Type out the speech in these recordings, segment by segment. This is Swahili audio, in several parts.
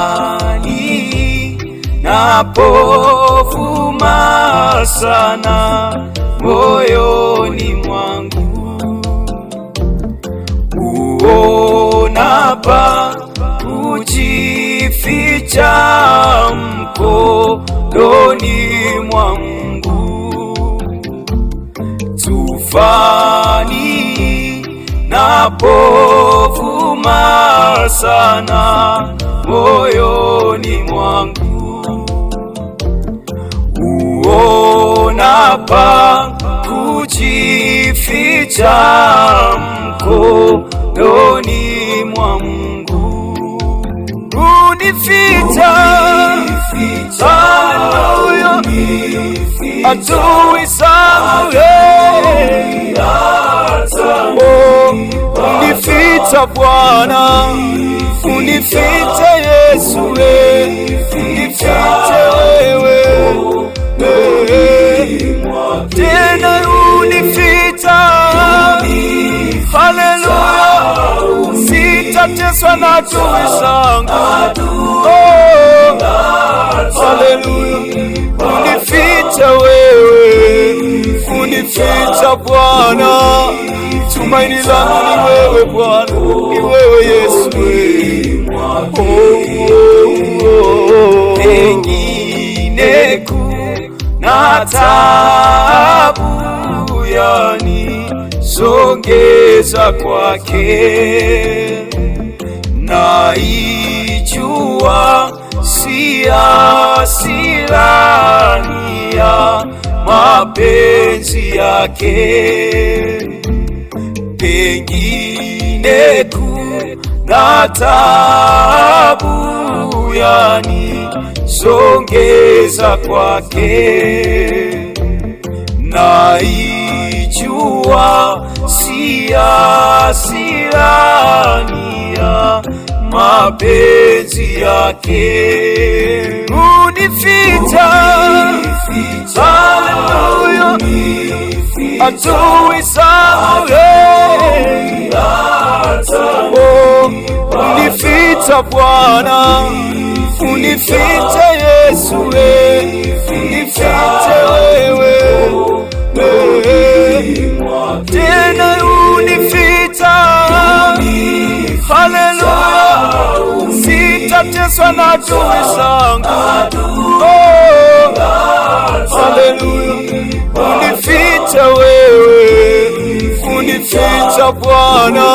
amani, napofuma sana moyoni mwangu, uonapa kujificha mkononi mwangu, tufani napovuma sana moyoni mwangu, uona pa kujificha mkononi mwa Mungu, unificha hatui sana Unificha Bwana, unificha Yesu, unificha wewe tena, unificha haleluya, sitateswa na chui zangu, oh. haleluya, wewe, Bwana tumaini langu ni wewe Bwana, ni wewe Yesu. Pengine kuna taabu yanisongeza kwake, naijua si asilani ya mapenzi yake pengine kuna tabu yani songeza kwake na ijua sia asirani mapenzi yake unificha Nificha Bwana, unifiche Yesu, unifiche wewe tena unificha. Haleluya, sitateswa na adui zangu kiti cha Bwana,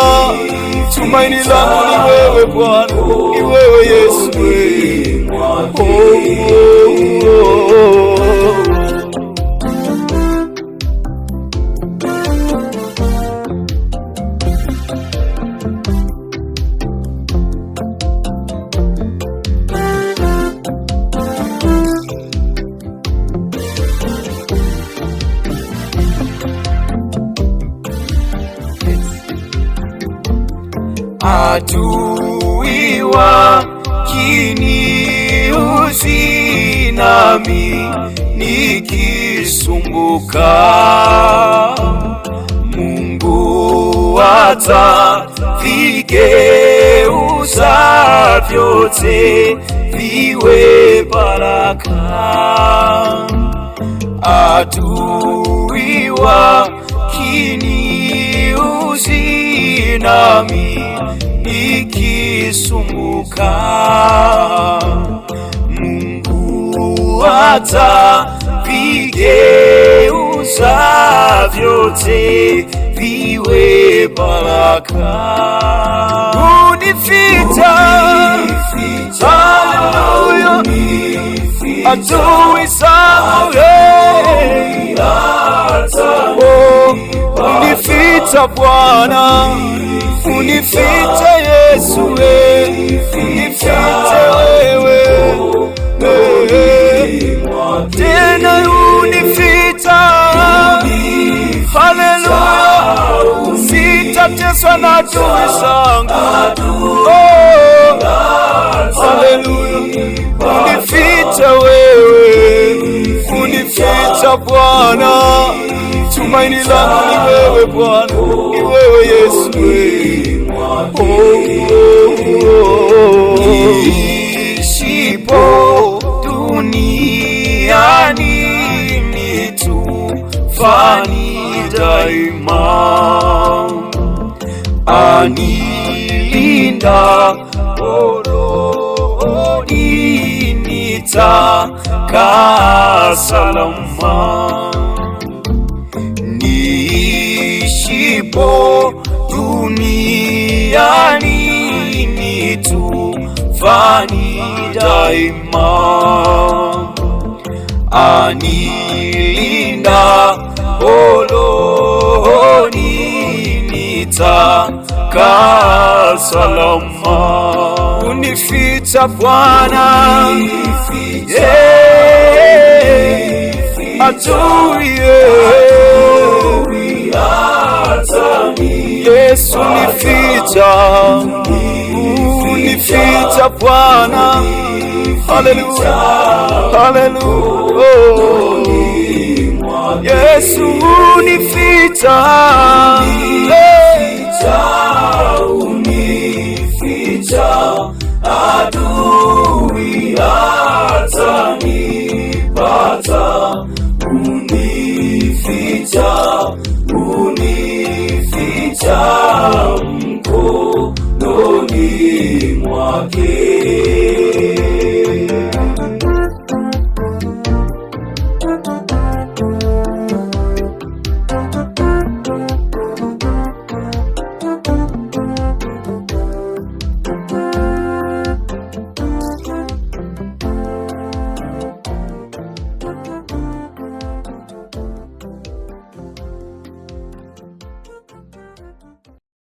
tumaini langu ni wewe Bwana, ni wewe Yesu. wa chini usinami nikisumbuka, Mungu atavigeuza vyote viwe baraka. Adui wa kini usinami ikisumbuka, Mungu atavigeuza vyote viwe baraka. Unifita, haleluya, adui sana, oh, unifita Bwana unifiche Yesu, we unifiche wewe tena unificha, haleluya, sitateswa na adui zangu, oh. haleluya, unificha wewe, unificha Bwana tumaini langu ni wewe Bwana, ni wewe Yesu. Nishipo duniani ni tufani daima, anilinda rohoni nitakaa salama tupo duniani ni tufani daima, anilinda holoni nitakaa salama. Unificha Bwana ajuye Yesu nificha, unificha Bwana, haleluya, haleluya, Yesu unificha walking.